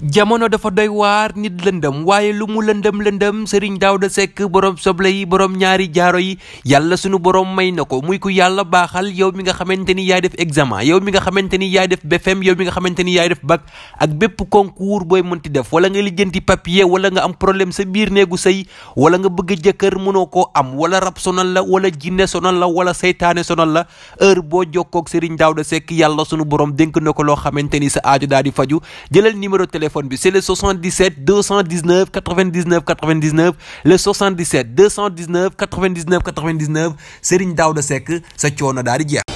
jamono dafa doy waar nit lëndëm waaye lu mu lëndëm lëndëm Serigne da sekk borom soble yi borom ñaari jaaro yi yàlla sunu borom may na ko muy ku yàlla baaxal yow mi nga xamante ni yaay def examen yow mi nga xamante ni yaay def BFM e yow mi nga xamante ni yaay def bac ak bépp concours booy mënti def wala nga lijjanti papier wala nga am problème sa biir néegu sëy wala nga bëgg jëkkër mënoo koo am wala rab sonal la wala jinne sonal la wala seytaane sonal la heure boo jokkoog Serigne Daouda Seck yàlla sunu borom dénk na ko loo xamante ni sa aajo daal di faju jëlal numéro téléphone téléphone bi c'est le 77 219 99 99 le 77 219 99 99 Serigne Daouda Seck sa coono daal di jeex.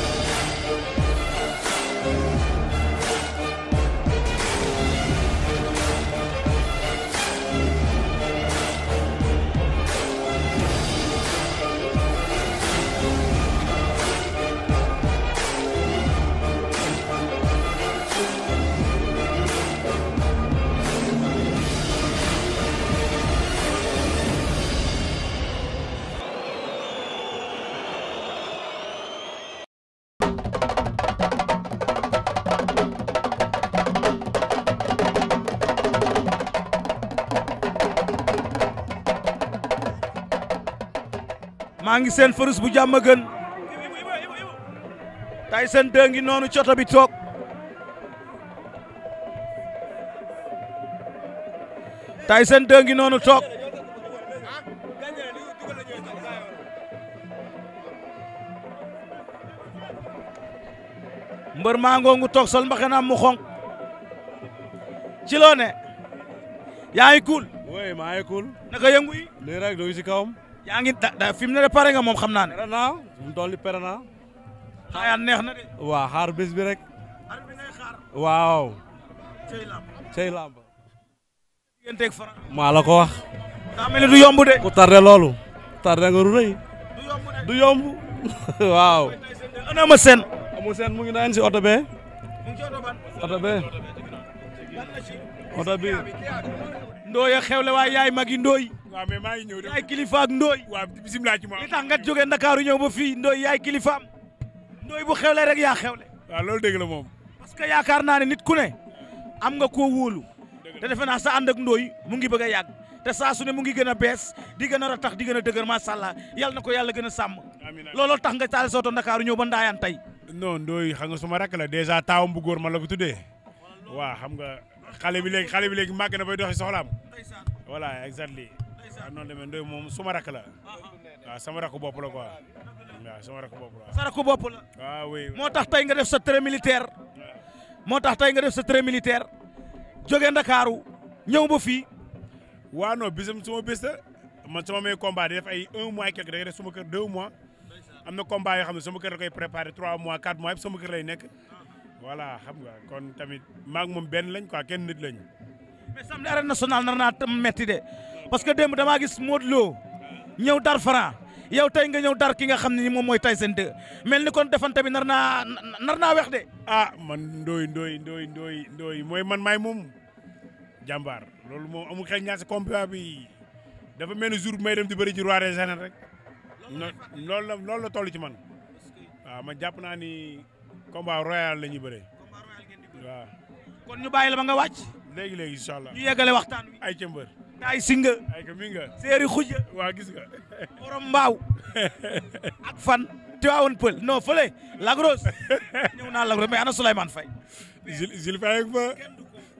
maa ngi seen fërus bu jàmm gën tay seen dë noonu coto bi toog tay seen dë noonu toog mbër maa ngoongu toog sol mbaxanaam mu xonq ci loo ne yaa ngi kuul oui maa naka yëngu yi lii rek doo ci kawam yaa ngi da fi mu ne pare nga moom xam naa ne. pare naa mu toll nii pare neex na de. waaw xaar bés rek. waaw. cey làmb maa la ko wax. daa mel du yomb de. ku tardé loolu. tardé nga rëy. du yomb du yomb. waaw. ana ma seen. mu ngi naan si oto bee. oto ban. oto bi ndooy a xewle waaye yaay mag yi ndooy waaw mais maa ngi ñëw de yaay kilifa ak ndooy waaw bisimilah ci ma li tax nga jógee Ndakaaru ñëw ba fii ndooy yaay kilifaam ndooy bu xewle rek yaa xewle waaw loolu dëgg la moom parce que yaakaar naa ne nit ku ne am nga ko wóolu te defe naa sa ànd ndooy mu ngi bëgg a yàgg te saa su ne mu ngi gën a bees di gën a ratax di gën a dëgër macha allah yàlla na ko yàlla gën a sàmm looloo tax nga taal sa oto Ndakaaru ñëw ba ndaayaan tey non ndooy xam nga suma rakk la dèjà taawam bu góor ko tuddee waa xam nga xale bi léegi xale bi léegi màgg na bay doxi soxlaam voilà exactly waaw noonu demee ndoy moom suma rakk la waaw sama rakk bopp la quoi waaw sama rakk bopp la. sa rakk bopp moo tax tey nga def sa trait militaire. moo tax tey def sa trait militaire. jóge Ndakaaru ñëw ba fii. waaw non bisam suma bés la man sama may combat di def ay un mois quelque da def suma kër deux mois am na combat yoo xam ne sama kër da koy préparé trois mois quatre mois yëpp sama kër lay nekk. voilà xam nga kon tamit maak moom benn lañ quoi kenn nit lañ. mais samedi arène nationale nar naa tam metti de parce que démb damaa gis Modou loo ñëw dar Franc yow tey nga ñëw dar ki nga xam ne ni moom mooy Tyson 2 mel ni kon defan bi nar naa nar naa wex de. ah man ndooy ndooy ndooy ndooy ndooy mooy man may moom jàmbaar loolu moo amul xel ñaar si combat bi dafa mel ni jour may dem di bëri ci roi des rek. loolu la loolu la toll ci man waaw ah, man jàpp naa combat royal la ñuy bëre. combat kon ñu bàyyi la ba nga wàcc. léegi léegi incha allah ñu yeggale waxtaan wi. ay ca mbër. singa. ay nga. séeri xuja. waa gis nga. borom mbaaw. ak fan. Tiwaawoon Pël non fële Lagros. ñëw naa Lagros mais ana Souleymane Faye. Zil Zil Faye ba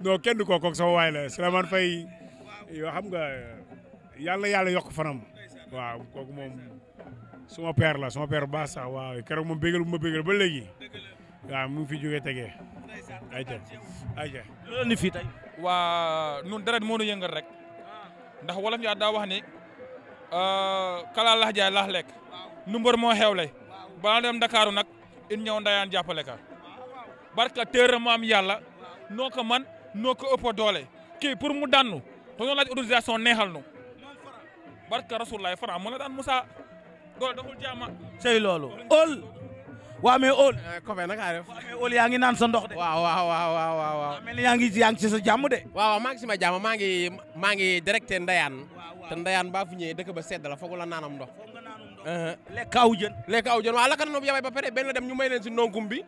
non kenn du ko kooku sama waay la Souleymane Faye yoo xam nga yàlla yàlla yokk fanam. waaw kooku moom. ma père la suma père baax sax waaw keroog ma bégal bu ma bégal ba léegi waaw mu ngi fi jógee tegee ayca ayca loolu ni fii tey waa nun dara moo nu yëngal rek ndax wolof yaa daa wax ni euh, kala lax jaay lax lekk nu mbër moo xewle balaa dem Dakaaru nag in ñëw ndayaan jàppale ka barka téere maam yàlla noo ko man noo ko ëpp doole kii pour mu daanu dañoo laaj autorisation neexal nu barka rasulilah fara mën na daan Moussa góor doxul jaama. sey loolu ol. waa mais ol. Kobe eh, naka def. yaa ngi naan sa ndox de. waaw waaw waaw waaw yaa ngi yaa ngi sa jàmm de. waaw maa ngi ci ma jàmm maa ngi maa ngi directé Ndayane. te Ndayane baa fu ñëwee dëkk ba sedd la foog la naanam ndox. lekk aw jën. lekk aw jën waaw lakk na yabay ba pare benn dem ñu may leen si nongum bi.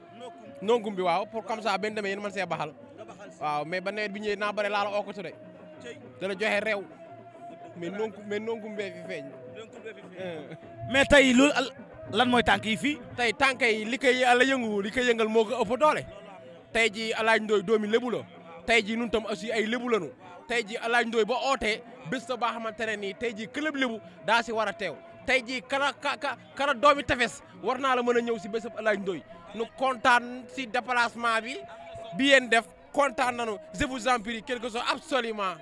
nongum bi waaw pour comme ça benn demee yéen mën see baxal. waaw mais ba nawet bi ñëwee naa bare laa la okkatu de. dana joxe réew. mais nongum mais fi feeñ. mais tey loolu lan mooy tànk yi fii. tey tànk yi li koy ala yëngu li koy yëngal moo ko ëpp doole tey jii alaaj ndooy doomi lébu la tey jii nun tam aussi ay lébu lañu tey jii alaaj ndooy ba ootee bés ba baa xamante ne nii tey jii club lébu daa si war a teew tey jii kara ka kara doomi tefes war naa la mën a ñëw si bésab alaaj ndooy nu kontaan si déplacement bi bi yéen def kontaan nanu je vous en prie quelque chose absolument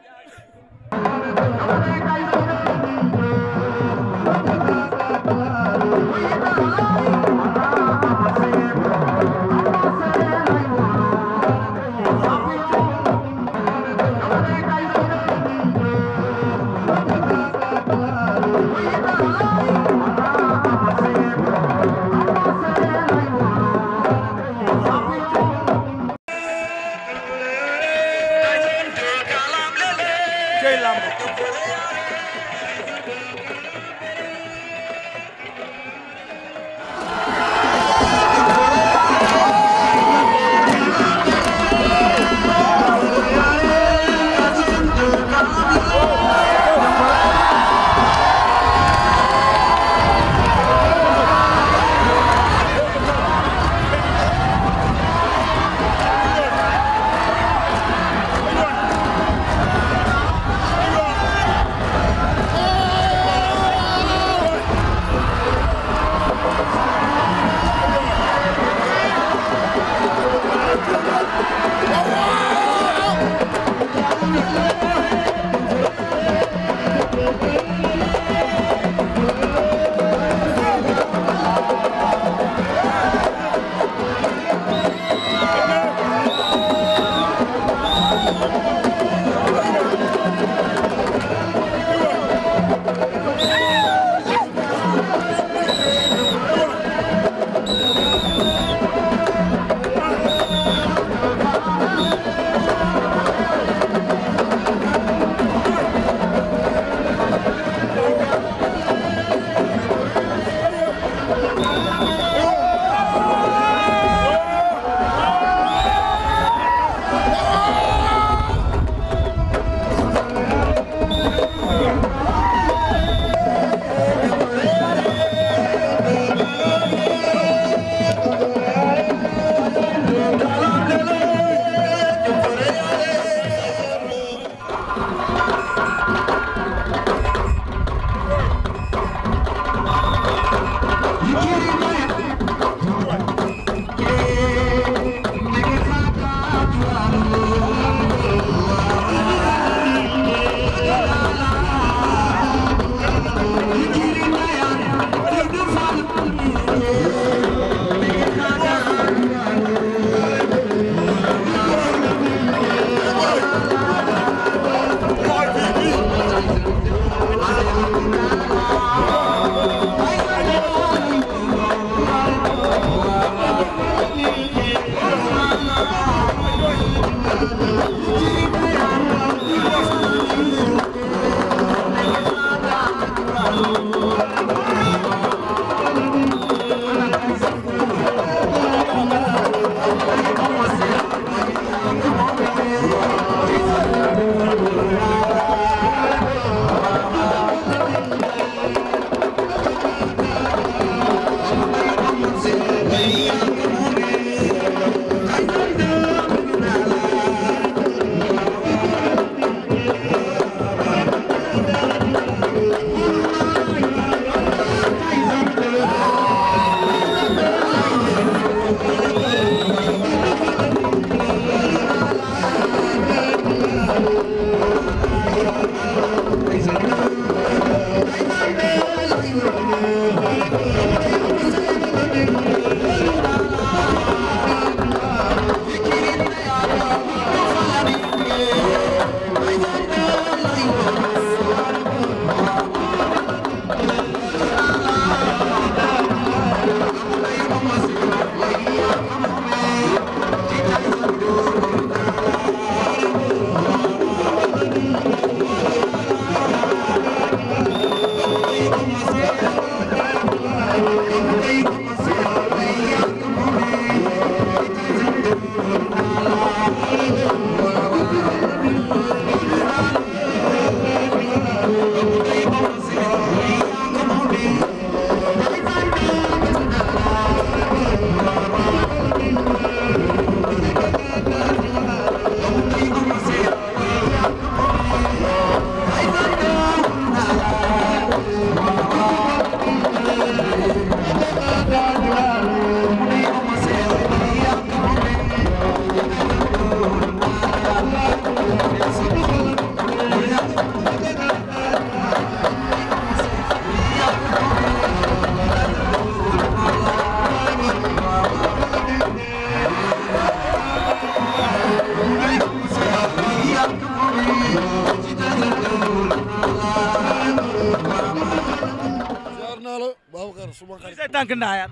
tànk ndaayaan.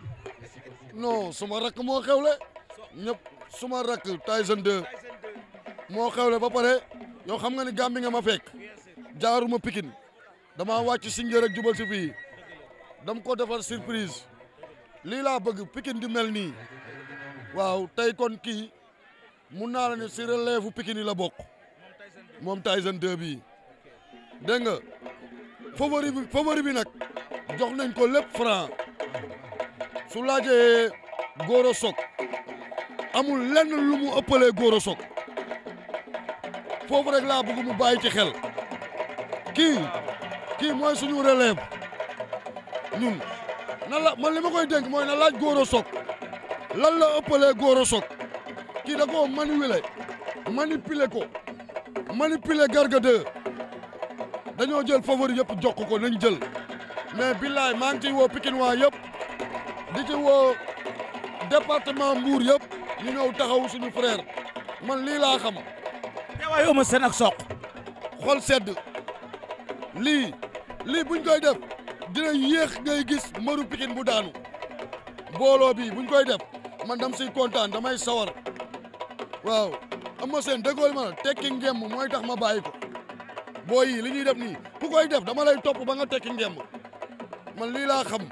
non suma rakk moo xewle ñëpp suma rakk Tyson 2 moo xewle ba pare yow xam nga ni gàmbi nga ma fekk jaaruma pikin dama wàcc si njër ak jubal si fii dam ko defar surprise lii laa bëgg pikin di mel nii waaw tey kon kii mun naa la ne si relève Pikine yi la bokk moom Tyson 2 bii dégg nga favori bi favori bi nag jox nañ ko lépp franc su laajee Gora Sock amul lenn lu mu góor a Sock foofu rek laa bëgg mu bàyyi ci xel kii kii mooy suñu relève ñun na la man li ma koy dénk mooy na laaj a Sock lan la ëppalee Gora sok kii da koo manipuler manipuler ko manipuler Garga 2 dañoo jël favori yëpp jox ko nañ jël mais billaay maa ngi ciy woo Pikine waa di ci woo département Mbour yëpp ñu ñëw taxaw suñu frère man lii laa xam. teewaay Eumeu Sène ak soq xol sedd lii lii buñ koy def dina yéex ngay gis mbëru Pikine bu daanu booloo bi buñ koy def man dam si kontaan damay sawar waaw Eumeu seen dëggool ma tekki ngemb mooy tax ma bàyyi ko boo yi li ñuy def nii ku koy def dama lay topp ba nga tekki ngemb man lii laa xam.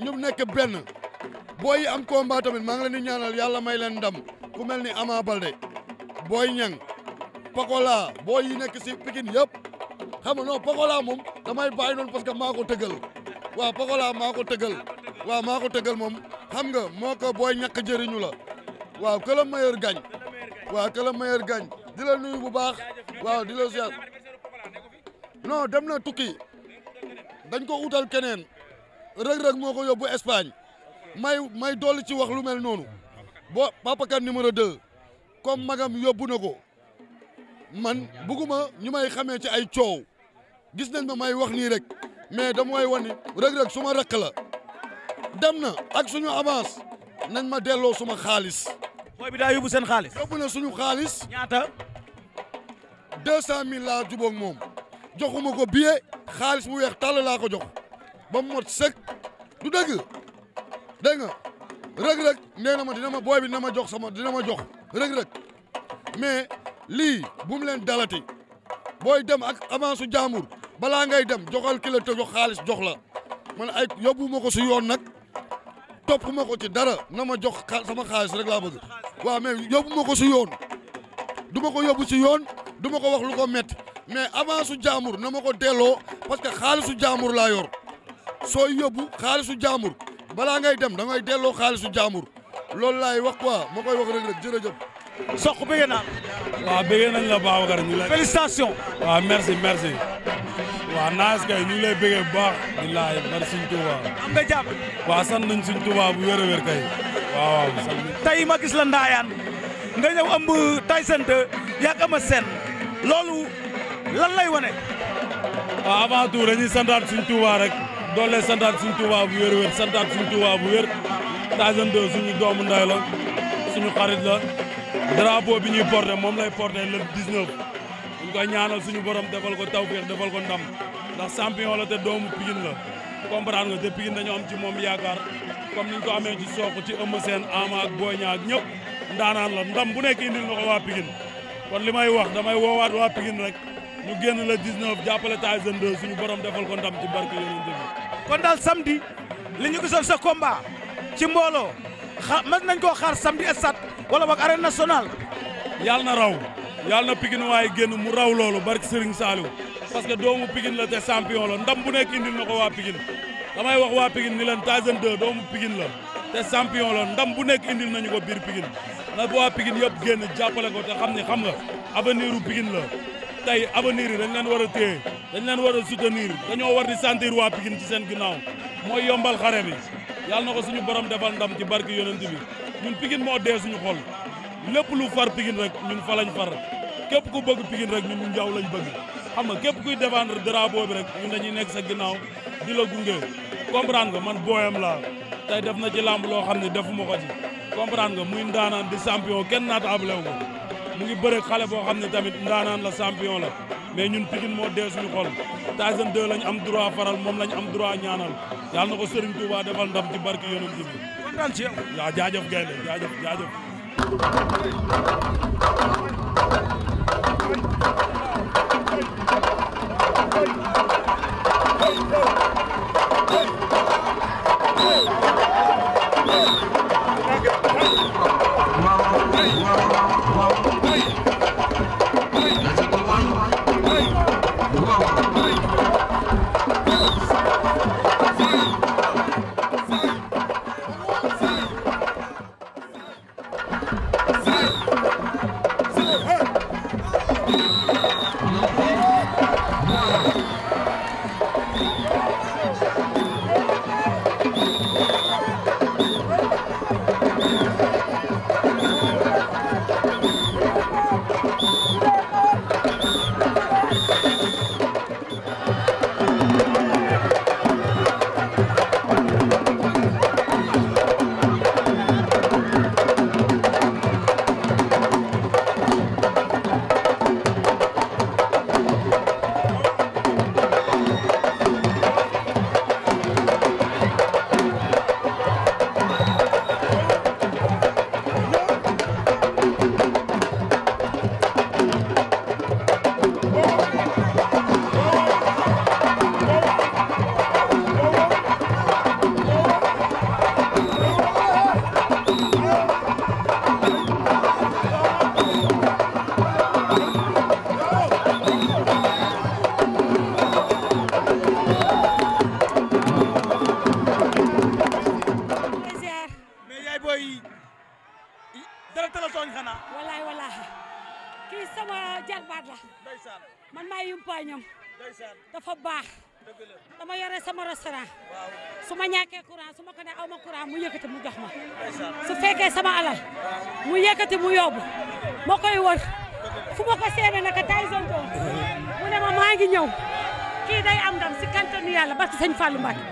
ñu nekk benn booy yi am combat tamit maa ngi leen di ñaanal yàlla may leen ndam ku mel ni Ama Balde booy ñang Pokola booy yi nekk si Pikine yëpp xam nga non Pokola moom damay bàyyi noonu parce que maa ko tëggal waaw Pokola maa ko tëggal waaw maa ko tëggal moom xam nga moo ko booy ñàkk jëriñu la waaw que le meilleur gagne di la nuyu bu baax waaw di la ziar non dem na tukki dañ ko utal keneen. rëg-rëg moo ko yóbbu Espagne may may dolli ci wax lu mel noonu boo Papa Kane numéro 2 comme magam yóbbu na ko man bugguma ñu may xamee ci ay coow gis nañ ma may wax nii rek mais damay wan ni rëg-rëg su ma rakk na ak suñu avance nañ ma delloo suma xaalis. booy bi daa yóbbu seen xaalis. yóbbu na suñu xaalis. ñaata. deux cent mille laa jubóog moom joxuma ko billet xaalis mu weex tàll laa ko jox. ba mot sëkk du dëgg dégg nga rëg-rëg nee na ma dina ma booy bi na ma jox sama dina ma jox rëg-rëg mais lii bu leen dalati booy dem ak avance su jaambur balaa ngay dem joxal ki la te xaalis jox la man ay yóbbu ma ko si yoon nag topp ma ko ci dara na ma jox sama xaalis rek laa bëgg waaw mais yóbbu ma ko si yoon du ma ko yóbbu si yoon du ma ko wax lu ko métti mais avance su jaambur na ma ko dello parce que xaalisu jaambur laa yor. soo yóbbu xaalisu jaamur balaa ngay dem da ngay delloo xaalisu jaamur loolu laay wax quoi ma koy wax rek rek jërëjëf. soq bëggee naa la. waaw bëggee nañ la Babacar ñu lay. félicitations. merci merci. waaw naaj kay ñu ngi lay bëggee bu baax. bilaay bari suñ tubaab. am bu wér a kay. waaw sant nañ. ma gis la ndaayaan nga ñëw ëmb Tyson 2 yàgg ama seen loolu lan lay wane. waaw avant tout dañuy santaat suñ tubaab rek. dool leen santaat suñu Tuubaa bu santaat suñu Tuubaa bu wér Tyson 2 suñu doomu nday la suñu xarit la drapeau bi ñuy porté moom lay porté le 19 ñu koy ñaanal suñu borom defal ko tawféex defal ko ndam ndax champion la te doomu Pikine la comprendre nga te Pikine dañoo am ci moom yaakaar comme niñ ko amee ci Sokh ci Eumeu Sène Ama ak Boy Niang ak ñëpp ndaanaan la ndam bu nekk indil na ko waa Pikine kon li may wax damay woowaat waa Pikine rek ñu génn le 19 jàppale Tyson 2 suñu borom defal ko ndam ci barke Yonent bi kon sam samedi li ñu gisoon sa combat ci mbooloo xa mas nañ koo xaar samedi stade wala boog arène nationale. yàlla na raw yàlla na Pikine waaye génn mu raw loolu barki Serigne Saliou parce que doomu Pikine la te champion la ndam bu nekk indil na ko waa Pikine damay wax waa Pikine ni leen Tyson 2 doomu Pikine la te champion la ndam bu nekk indil nañu ko biir Pikine na waa Pikine yëpp génn jàppale ko te xam ni xam nga avenir u Pikine la. tey avenir yi dañ leen war a téye dañ leen war a soutenir dañoo war di sentir waa Pikine ci seen ginnaaw moo yombal xare bi yàlla na ko suñu borom defal ndam ci barke yonent bi ñun Pikine moo dee suñu xol lépp lu far Pikine rek ñun fa lañ far képp ku bëgg Pikine rek ñun njaw lañ bëgg xam nga képp kuy défendre drapeau bi rek ñun dañuy nekk sa ginnaaw di la gunge comprendre nga man booyam laa tey def na ci làmb loo xam ne defuma ko ci comprendre nga muy ndaanaan di champion kenn naata ablew ko mu ngi bëre xale xam ne tamit ndaanaan la champion la mais ñun Pikine moo xol Tyson 2 lañ am droit faral moom lañ am droit ñaanal yàlla na ko Serigne Touba defal ndam ci barke Yonent bi kontaan ci yow waaw jaajëf gaynde jaajëf sama jarbaat la man maay yumpaañam dafa baax dama yore sama restaurant su ma ñàkkee courant su ma ko ne aw ma courant mu yëkkati mu jox su fekkee sama alal mu yëkkati mu yóbbu ma koy wër fu ma ko seene naka tay zonto mu ne ma maa ngi ñëw kii day am si kantanu yàlla parce que sëñ Fallou Mbacke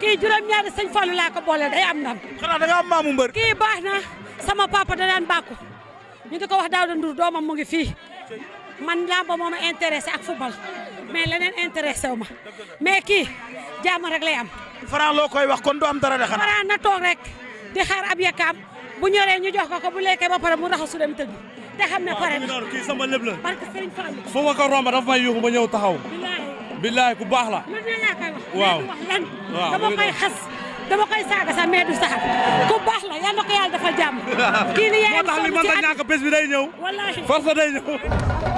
kii juróom-ñaari sëñ Fallou laa ko boole day am ndam xanaa da nga am kii baax na sama papa da daan bàkku ñu di ko wax Daouda Ndour doomam mu ngi fii man làmb moo ma intéressé ak football mais leneen intéressé wu ma mais kii jàmm rek lay am. Franc loo koy wax kon doo am dara de xanaa. Franc na toog rek di xaar ab bu ñoree ñu jox ko ko bu lekkee ba pare mu raxasu dem tëdd te xam ne pare na kii sama lépp la. parce que Serigne Fallou. fu ma ba ñëw taxaw. billaay billaay ku baax la. man de laa koy wax. xas. dama koy saaga sax mais du saxat ku baax la yal na ko yàlla defal jàmm. kii li yaayam sonn ci at moo tax li mën na ñàkk bés bi day ñëw. wallaahi force day ñëw.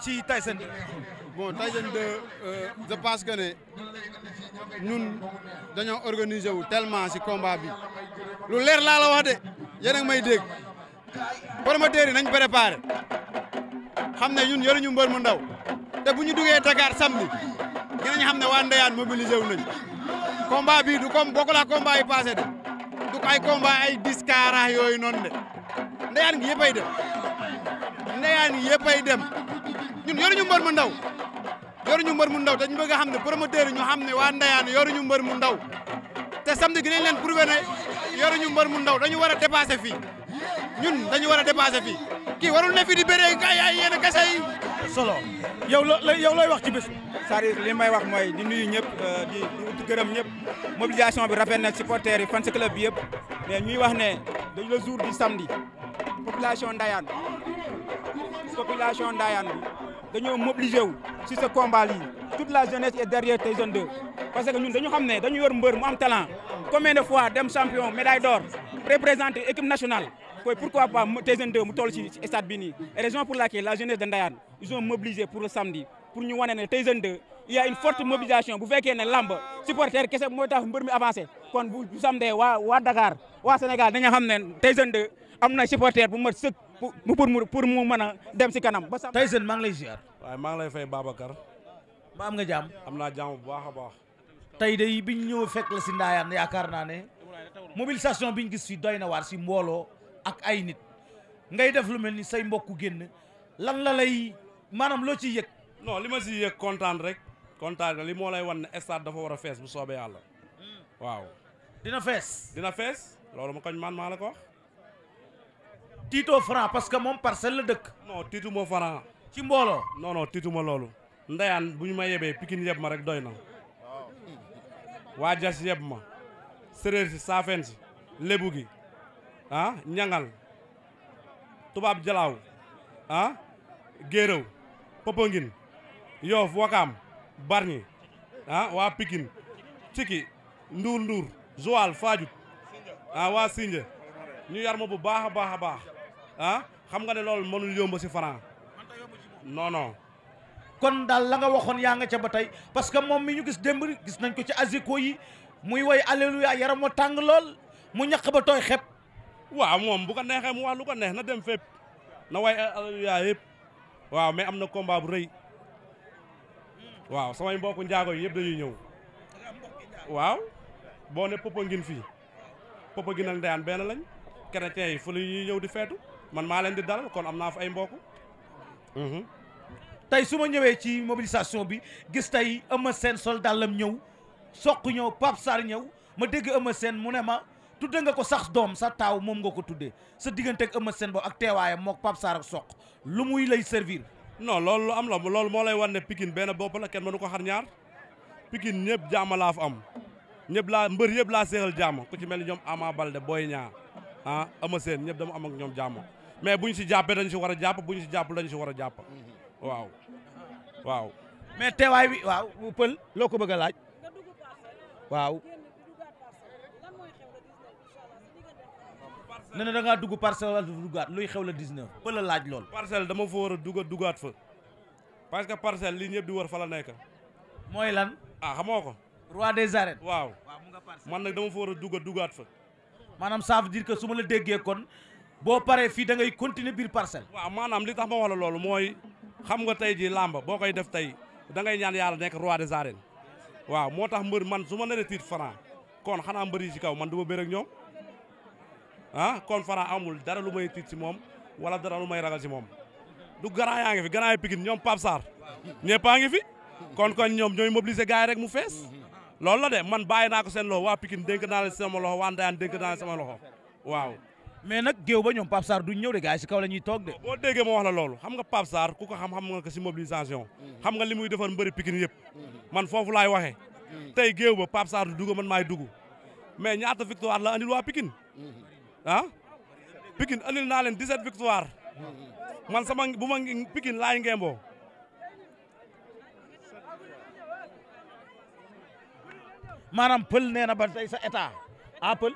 ci Tyson 2 bon Tyson 2 euh, je pense que ne ñun dañoo organiser wu tellement si combat bi lu leer laa la wax de yéen a ngi may dégg promoteurs yi nañ préparé xam ne ñun yoruñu mbër mu ndaw te bu ñu duggee Dakar samedi dinañ xam ne waa Ndeyaan mobilisé wu nañ combat bii du comme bokkul ak combat yi de du ko ay combat ay dix yooyu noonu de Ndeyaan gi de dem Ndeyaan gi yëppay dem ñun yoruñu mbër mu ndaw yoruñu mbër mu ndaw dañu bëgg a xam ne promoteur yi ñu xam ne waa Ndayane yoruñu mbër mu ndaw te samedi gi nañ leen prouvé ne yoruñu mbër mu ndaw dañu war a dépassé fii ñun dañu war a dépassé fii kii warul ne fii di béré ay ay yenn solo yow la yow looy wax ci bés. cest à may wax mooy di nuyu ñëpp euh, di di gërëm ñëpp mobilisation bi rafet na supporters yi fan club bi yëpp mais ñuy wax ne dañu la jour du samedi population Ndayane population Ndayane dañoo mobiliser wu si ce combat lii toute la jeunesse est derrière Tyson 2 parce que ñun dañu xam ne dañu yor mbër mu am talent combien de fois dem champion médaille d'or représenter équipe nationale koy pourquoi pas Tyson 2 mu toll si stade bi nii raison pour laquelle la jeunesse de Ndayane ils ont mobilisé pour le samedi ñu wane ne Tyson 2 il y a une forte bu fekkee ne lamb supporter kese mooy tax mbër mi avancé kon bu samedi waa waa Dakar waa Sénégal dañu xam ne Tyson 2 am na supporter bu mat sëkk pour pour mu mën a dem si kanam. Tyson maa ngi lay ziar. waaye maa lay fay Babacar. ba am nga jàmm. am naa jàmm bu baax a baax. tey day biñ ñëw fekk la si ndaayaan yaakaar naa ne mobilisation biñ gis fi doy na waar si mbooloo ak ay nit ngay def lu mel ni say mbokku génn lan la lay maanaam loo ciy yëg. non li ma si yëg kontaan rek. kontaan li moo lay wan ne stade dafa war a fees bu soobee yàlla hmm. waaw. dina fees. dina fees loolu ma koñ man maa la ko tiitoo franc parce que moom parcelle la dëkk. non tiitu ma franc. ci mbooloo. non tiituma loolu. ndeyaan bu ñu ma yebee pikin yeb ma rek doy na. waa Dias yeb ma. séréer si saafeen si. lébu gi ah ñangal tubaab jalaaw ah géeréw Popenguine Wakaam Bargny ah, waa Pikine Ciki Nduur Nduur Joal Fadiouth ah waa Sinja ñu yar ma bu baax a baax a baax Ah, xam nga ne loolu mënul yomb si Franc non kon daal la nga waxoon yaa nga ca ba tey parce que moom mi ñu gis démb gis nañ ko ci asiko yi muy woy alléluia yaram wa tàng lool mu ñaq ba tooy xep. waaw moom bu ko neexee mu wax lu ko neex na dem fépp na way alléluia yëpp waaw mais am na combat bu rëy waaw samay mbokku njaago yi yëpp dañuy ñëw waaw boo ne Popenguine fii Popenguine ak Ndeyane benn lañ chrétien yi fu la ñuy ñëw di feetu man maa leen di dalal kon am naa fa ay mbokk. Mhm. tey su ma ñëwee ci mobilisation bi gis tey Eumeu Sène sol dàllam ñëw soq ñëw Pape saar ñëw ma dégg Eumeu Sène mu ne ma tudde nga ko sax doom sa taaw moom nga ko tuddee sa diggante ak Eumeu Sène boobu ak teewaayam mook Pape Sarr ak soq lu muy lay servir. non loolu lu am la loolu moo lay wan ne pikin benn bopp la kenn mënu ko xar ñaar Pikine ñëpp jaama laa fa am ñëpp laa mbër yëpp laa seexal jaama ku ci mel ni ñoom Ama Balde Boy Niang ah Eumeu Sène ñëpp dama am ñoom jaama mais bu ñu si jàppee dañ si war a jàpp bu ñu si jàpp dañ si war a jàpp waaw waaw. mais teewaay bi waaw pël loo ko bëgg a laaj waaw. ne na da dugg parcelle wala duggaat luy xew la 19 pël la laaj lool. parcel dama fa war a dugg duggaat fa parce que parcelle li ñëpp di war fa la nekk. mooy lan. ah xamoo ko. roi des arènes. waaw man nag dama fa war a dugg duggaat fa. maanaam ça veut su ma la déggee kon boo paree fii dangay ngay continuer biir parcelle. waaw maanaam li tax ma wax la loolu mooy xam nga tey jii làmba boo koy def tey da ngay ñaan yàlla nekk roi des arènes waaw moo tax mbër man su ma nee titre Franc kon xanaa mbër yi ci kaw man du ma bëre ak ñoom ah kon Franc amul dara lu may tiit si moom wala dara lu may ragal ci moom du garant yaa ngi fi garant yi Pikine ñoom Pape Sarr ñëpp a ngi fi kon kon ñoom ñooy mobiliser gars rek mu fees loolu la de man bàyyi naa ko seen loxo waa Pikine dénk naa leen sama loxo waa Ndayane dénk sama loxo mais nag géew ba ñoom Pape Sarr duñ ñëw de kaw la ñuy toog de. boo déggee ma wax loolu xam nga Pape Sarr ku ko xam xam nga ko si mobilisation. xam nga li muy defar mbëri Pikine yëpp. man foofu laay waxee. tey géew ba Pape Sarr du dugg man maay dugg mais ñaata victoire la andil waa Pikine. ah Pikine andil naa leen 17 victoire. man sama bu ma Pikine laay ngemboo. maanaam pël nee na ba tey sa état ah pël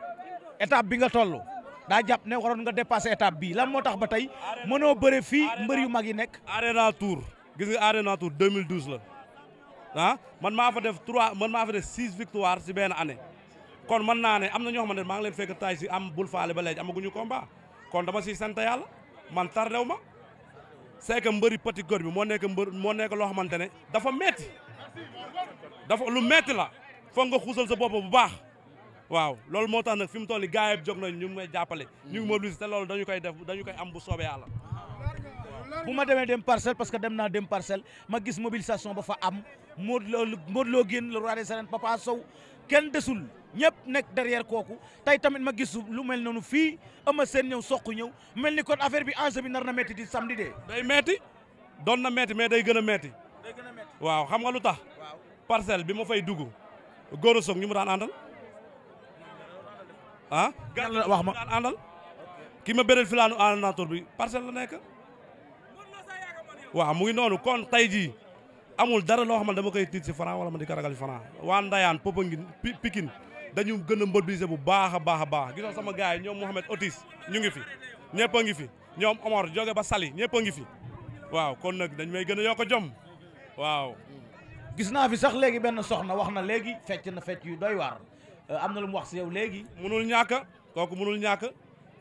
état bi nga toll. daa jàpp ne waroon nga dépasser étape bii lan moo tax ba tey mënoo bëre fii mbër yu mag yi nekk. Arena Tour gis nga Arena Tour 2012 la ah man maa fa def trois man maa fa def 6 victoire si benn année kon mën naa ne am na ñoo xamante ne maa ngi leen fekk tay si am bul faale ba léegi amaguñu combat kon dama si sant yàlla man tardew ma c'est que mbëri petit góor bi moo nekk mbër moo nekk loo xamante ne dafa metti dafa lu metti la foog nga xuusal sa bopp bu baax. waaw loolu moo tax nag fi mu toll nii gars yi jóg nañ ñu ngi may jàppale. ñu ngi mobiliser te loolu dañu koy def dañu koy am bu soobee yàlla. bu ma demee dem parcelle parce que dem naa dem parcelle ma gis mobilisation ba fa am Modou Lo Modou Lo génn le roi des arènes Papa Sow kenn desul ñëpp nekk derrière kooku tey tamit ma gis lu mel noonu fii ama seen ñëw soq ñëw mel ni kon affaire bi enjeu bi nar na metti di samedi dee. day metti doon na metti mais day gën a metti. waaw xam nga lu tax. parcelle bi ma fay dugg góor a ñu mu daan àndal. ah. gàllankoor wax ma àndal. kii ma bëreel fi laanu àndanaator bi parcelle la nekk. waaw mu ngi noonu kon tey jii amul dara loo xam ne dama koy tiit si Franc wala ma di ko ragal si Franc waa Ndayane Popenguine Pikine dañu gën a mobiliser bu baax a baax a baax gisoo sama gars yi ñoom Mouhamed Otis ñu ngi fi ñëpp ngi fi ñoom Omar jóge ba Sali ñëpp a ngi fi waaw kon nag dañ may gën a yokk jom waaw. gis naa fi sax léegi benn soxna wax na léegi fecc na fecc yu doy waar. am na lu mu wax si yow léegi mënul ñàkk kooku mënul ñàkk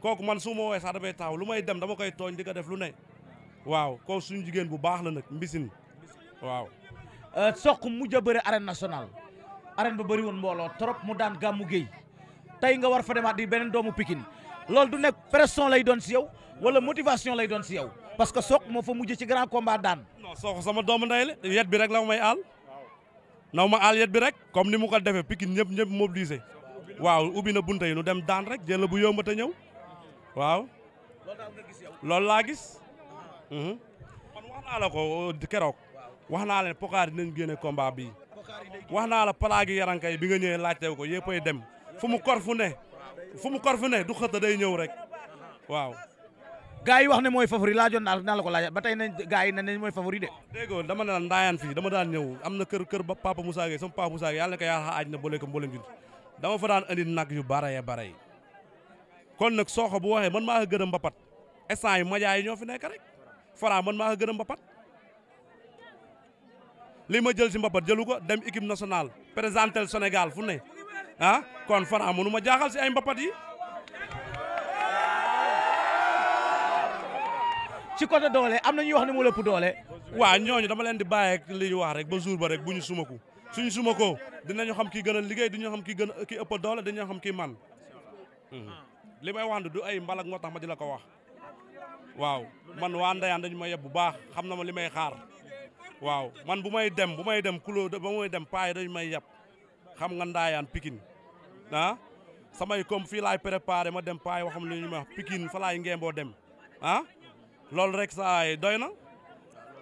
kooku man su ma woowee sax damay taxaw lu may dem dama koy tooñ di ko def lu ne waaw kooku suñu jigéen bu baax la nag mbisin waaw euh, soq mujj a bëri arène nationale arène ba bari woon mbooloo trop mu daan gàmmu géey tey nga war fa demaat di beneen doomu Pikine loolu du nekk pression lay doon si yow wala motivation lay doon si yow parce que sook moo fa mujj ci grand combat daan non soq sama doomu ndey la bi rek la may aal naw ma aliyet bi rek comme ni mu ko defee Pikine ñëpp ñëpp mobilisé waaw ubbi na bunte yi nu dem daan rek jël bu yomb ta ñëw waaw. loolu laa gis. Mhm. man wax naa la ko euh, keroog. wax naa leen pokaar dinañ génne combat bii. wax naa la palaagi yarankay bi nga ñëwee laajtew ko yëppay dem fu mu kor fu ne fu mu kor fu ne du xëtt day ñëw rek waaw. gaa yi wax ne mooy favori laajoon naa naa la ko laaj ba tey nañ gaa yi ne nañ mooy favori de oh, déggoo dama naan ndaayaan fii dama daan ñëw am na kër kër papa Moussa Gueye sama papa Moussa Gueye yàlla na ko yaaxaa aaj na boole ko mboolem jund dama fa daan andi nag yu baree bare yi kon nag sooxo bu waxee man maa ko gën a mbapat instant yi majaay yi ñoo fi nekk rek fara man maa ko gën a mbapat li ma jël si mbapat jëlu ko dem équipe nationale présentel Sénégal fu ne ah yi ci côté doole am na ñuy wax ne mu lëpp doole. waa ñooñu dama leen di bàyyi ak li ñu wax rek ba jour ba rek bu ñu sumaku suñu sumakoo dinañu xam kii gën a liggéey dinañu xam kii gën ki kii ëpp doole dinañu xam kii man li may wax du ay mbalak moo tax ma di la ko wax waaw man waa ndayaan dañu ma yeb bu baax xam na ma li may xaar waaw man bu may dem bu may dem kuloo ba may dem paay dañu may yeb xam nga ndaayaan pikin ah samay comme fii laay préparé ma dem paay waxam li ñu ma wax pikin fa laay boo dem ah loolu rek saa yi doy na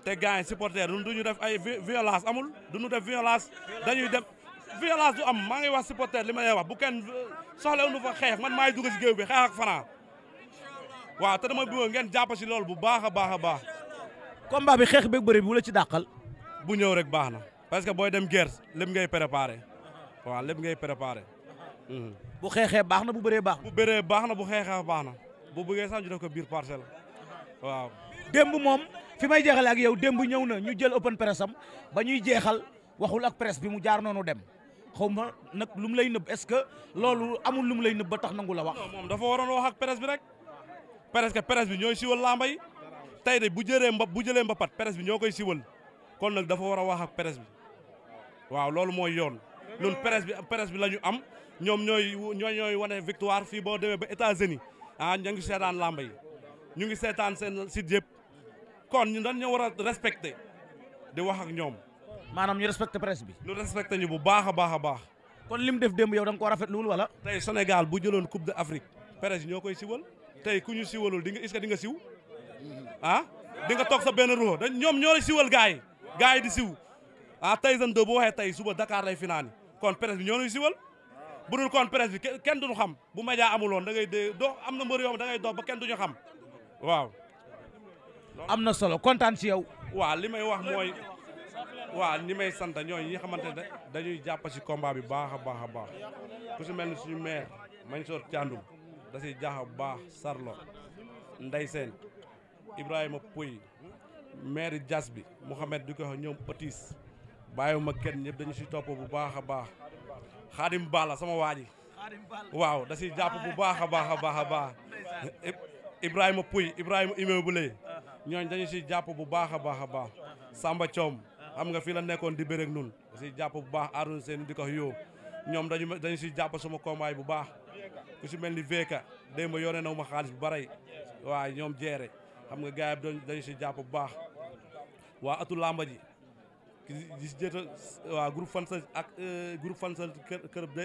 te gars yi supporter du ñu def ay violence amul du ñu def violence dañuy dem violence du am maa ngi wax supporter li ma lay wax bu kenn soxla nu fa xeex man maay dugg si géew bi xeex ak Franc waaw te dama bëgg ngeen jàpp si lool bu baax a baax a baax. combat bi xeex beeg bëri bu la ci dàqal. bu ñëw rek baax na parce que booy dem guerre lépp ngay préparé waaw lépp ngay préparé. bu xeexee baax na bu bëree baax na. bu bëree baax na bu xeexee baax na bu bëggee sax ko biir parcelle. waaw démb moom fi may jeexale ak yow démb ñëw na ñu jël open press am ba ñuy jeexal waxul ak presse bi mu jaar noonu dem xaw ma nag lu mu lay nëbb est-ce que loolu amul lu mu lay nëb ba tax nangu la wax. moom dafa waroon wax ak presse bi rek parce que presse bi ñooy siwal lamba yi tey de bu jëree mba bu jëlee mbapat presse bi ñoo koy siwal kon nag dafa war a wax ak presse bi waaw loolu mooy yoon. ñun presse bi presse bi la ñu am ñoom ñooy ñooy wane victoire fii boo demee ba états uni ah ña ngi seetaan yi. ñu ngi seetaan seen site yëpp kon ñu dañ ñu war a respecté di wax ak ñoom. maanaam ñu respecté presse bi. ñu respecté ñu bu baax a baax a baax. kon li mu def démb yow da nga koo rafetluwul wala. tey Sénégal bu jëloon coupe d'Afrique presse ñoo koy siwal tey ku ñu siwalul di nga est di nga siw ah di nga toog sa benn ruux dañ ñoom ñoo siwal gars yi gars yi di siw ah tey zone deux bu waxee tey suba Dakar lay finaani kon presse bi ñoo lay siwal bu dul kon presse bi kenn duñu xam bu média amuloon da ngay doo am na mbër yoo xam da ngay dox ba kenn duñu xam waaw. am na solo kontaan si yow. waa li may wax mooy. waaw ñi may sant ñooñu ñi xamante ne dañuy jàpp ci combat bi baax a baax a baax ku ci mel ni suñu maire Mansour Thiandoum da ciy jaax bu baax Sarlo nday Seen Ibrahima Pouy maire jaas bi Mouhamed di ko wax ñoom Patis bàyyiwuma kenn ñëpp dañu si topp bu baax a baax Xaadim Bala sama waa yi waaw da jàpp bu baax a baax a baax a baax Ibrahima Pouy Ibrahima Imew bu lay ñooñ dañu si jàpp bu baax a baax a baax Samba Thiom xam nga fii la nekkoon di bérék nun si jàpp bu baax Arouna Sène di ko yow ñoom dañu dañu si jàpp sama combat bu baax ku si mel ni Veka ma yónnee naw ma xaalis bu barey waa ñoom jeere xam nga gars yi dañu si jàpp bu baax waa atu làmba ji di si waa groupe fan ak euh, groupe fan sa kër bi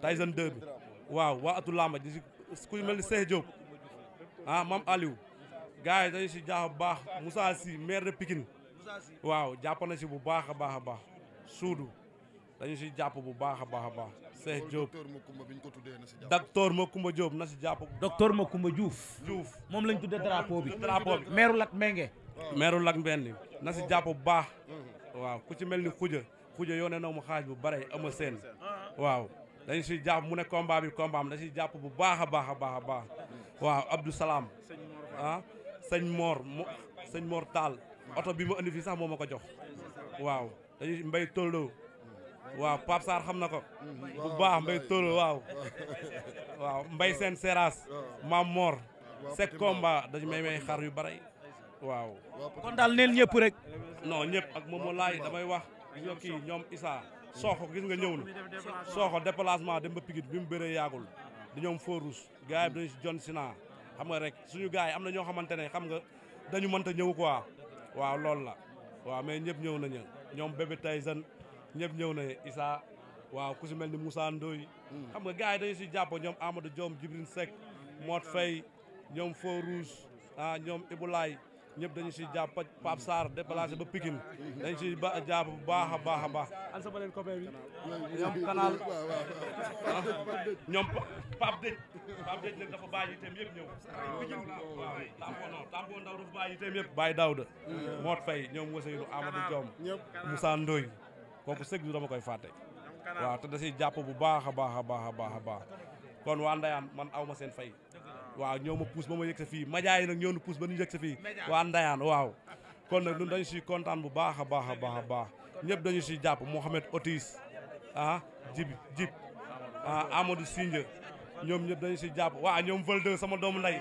Tyson bi waaw waa atu lamba ji si mel ni Cheikh Diop ah maam aliw gars yi dañu si jaax bu baax Moussa si maire de pikin waaw jàpp na si bu baax a baax a baax suudu dañu si jàpp bu baax a baax a baax Cheikh Diop docteur Macoumba Diop na si jàpp docteur Macoumba Diouf juuf moom lañ tudde drapeau bi drapeau bi meeru Lac Mbengue meeru Lac Mbengue na si jàpp bu baax mhm. waaw ku ci mel ni xuja xuja yoone na mu xaaj bu bare ama seen waaw dañu si jàpp mu ne combat bi combat da si jàpp bu baax a baax a baax a baax waaw Abdou Salaam ah sëñ Mor mu sëñ Mor Tall oto bi ma indi fii sax moo ma ko jox waaw dañuy mbay tolloo waaw Pape Sarr xam na ko bu baax mbay tolloo waaw mbay seen seras maam Mor sek combat dañ may may xar yu bare waaw kon daal neen ñëpp rek non ñëpp ak moom laay damay wax ñoo kii ñoom Issa sooxo gis nga ñëw na sooxo déplacement dem ba Pikine bi mu bëree yaagul dañoom foo Fourouche gars yi dañu si John Sina xam nga rek suñu gars yi am na ñoo xamante ne xam nga dañu mënta ñëw quoi waaw loolu la waaw mais ñëpp ñëw nañu ñoom bébé Tyson ñëpp ñëw na Issa waaw ku si mel ni Moussa Ndoye hmm. xam nga gars yi dañu si jàpp ñoom Amadou Diom Djibril Seck Mot Faye ñoom Fourouche ah ñoom Ibou ñépp dañu si jàpp Pape Sarr déplacé ba Pikine dañ si ba jàpp bu baax a baax a baax. an sama leen copain bi ñoom canal ñoom Pape Dëj Pape Dëj nag dafa bàyyi itam koy fàtte. waaw te jàpp bu baax a baax a baax a baax a baax kon waa Ndayane man aw ma seen fay. waaw ñoo ma puus ba ma yëg sa fii média yi nag ñoo nu puus ba ñu yëg sa fii waa ndayaan waaw kon nag ñun dañu si kontaan bu baax a baax a baax a baax ñëpp dañu siy jàpp Mouhamed Otis ah jibi Jib ah amadu Sindia ñoom ñëpp dañu si jàpp waaw ñoom Valde sama doomu nday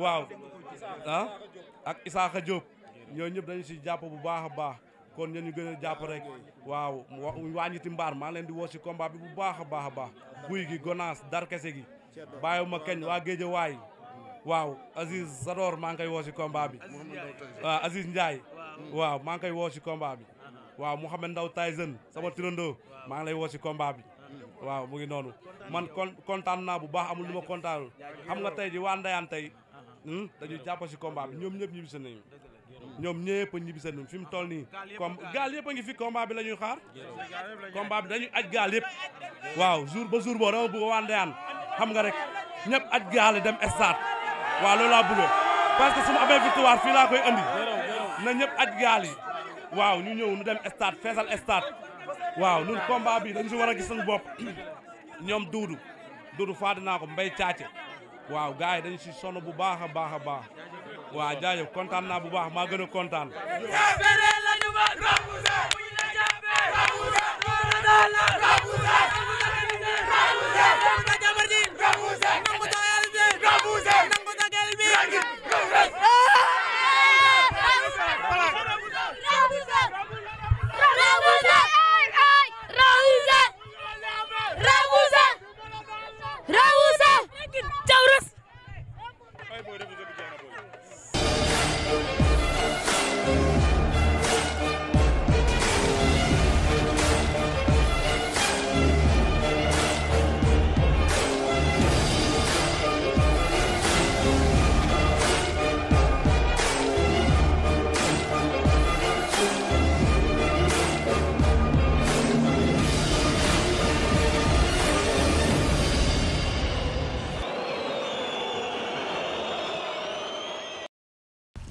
waaw ah ak Isaaxa Diop ñooñu ñëpp dañu siy jàpp bu baax a baax kon ñoo ñu gën a jàpp rek waaw mu waa ñiti mbaar maa leen di woo si combat bi bu baax a baax a baax buy gi gonaas darkese gi bàyyiwuma kañ waa géej waay waaw Aziz Zador maa ngi koy woo si combat bi waaw Aziz waaw maa ngi koy woo si combat bi waaw Mouhamed Ndaw Tyson sama turandoo maa ngi lay woo si combat bi waaw mu ngi noonu man kon kontaan naa bu baax amul lu ma kontaanul xam nga tey ji waa Ndayane tey hmm, dañu jàpp si combat bi ñoom ñëpp ñibbisi nañu ñoom ñëpp a ñibbisi nañu fi mu toll nii comme gaal yëpp a fi combat bi la ñuy xaar combat bi dañuy aj gaal yëpp waaw ba jour boo waa Ndayane xam nga rek ñëpp aj gaale dem stade waa loolu laa bëgg parce que suñu amee victoire fii laa koy andi na ñëpp aj gaal waaw ñu ñëw ñu dem stade feesal stade waaw ñun combat bii dañ si war a gis suñu bopp ñoom duudu duudu faadi naa ko mbay caace waaw gars yi dañ si sonn bu baax a baax a baax waaw jaajëf kontaan naa bu baax maa gën a kontaan Congress! Congress!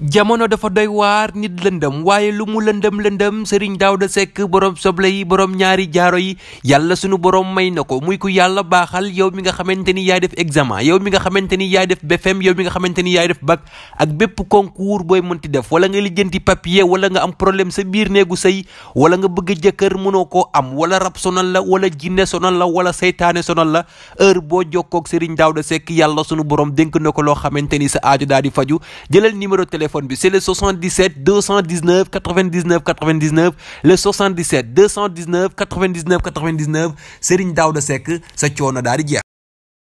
jamono dafa doy waar nit lëndëm waaye lu mu lëndëm lëndëm Serigne da sekk borom soble yi borom ñaari jaaro yi yàlla sunu borom may na ko muy ku yàlla baaxal yow mi nga xamante ni yaay def examen yow mi nga xamante ni yaay def BFM e yow mi nga xamante ni yaay def bac ak bépp concours booy mënti def wala nga lijjanti papier wala nga am problème sa biir néegu sëy wala nga bëgg jëkkër mënoo koo am wala rab sonal la wala jinne sonal la wala seytaane sonal la heure boo jokkoog Serigne Daouda Seck yàlla sunu borom dénk na ko loo xamante ni sa aajo daal di faju jëlal numéro téléphone téléphone bi c'est le 77 219 99 99 le 77 219 99 99 Serigne Daouda Seck sa coono daal di jeex.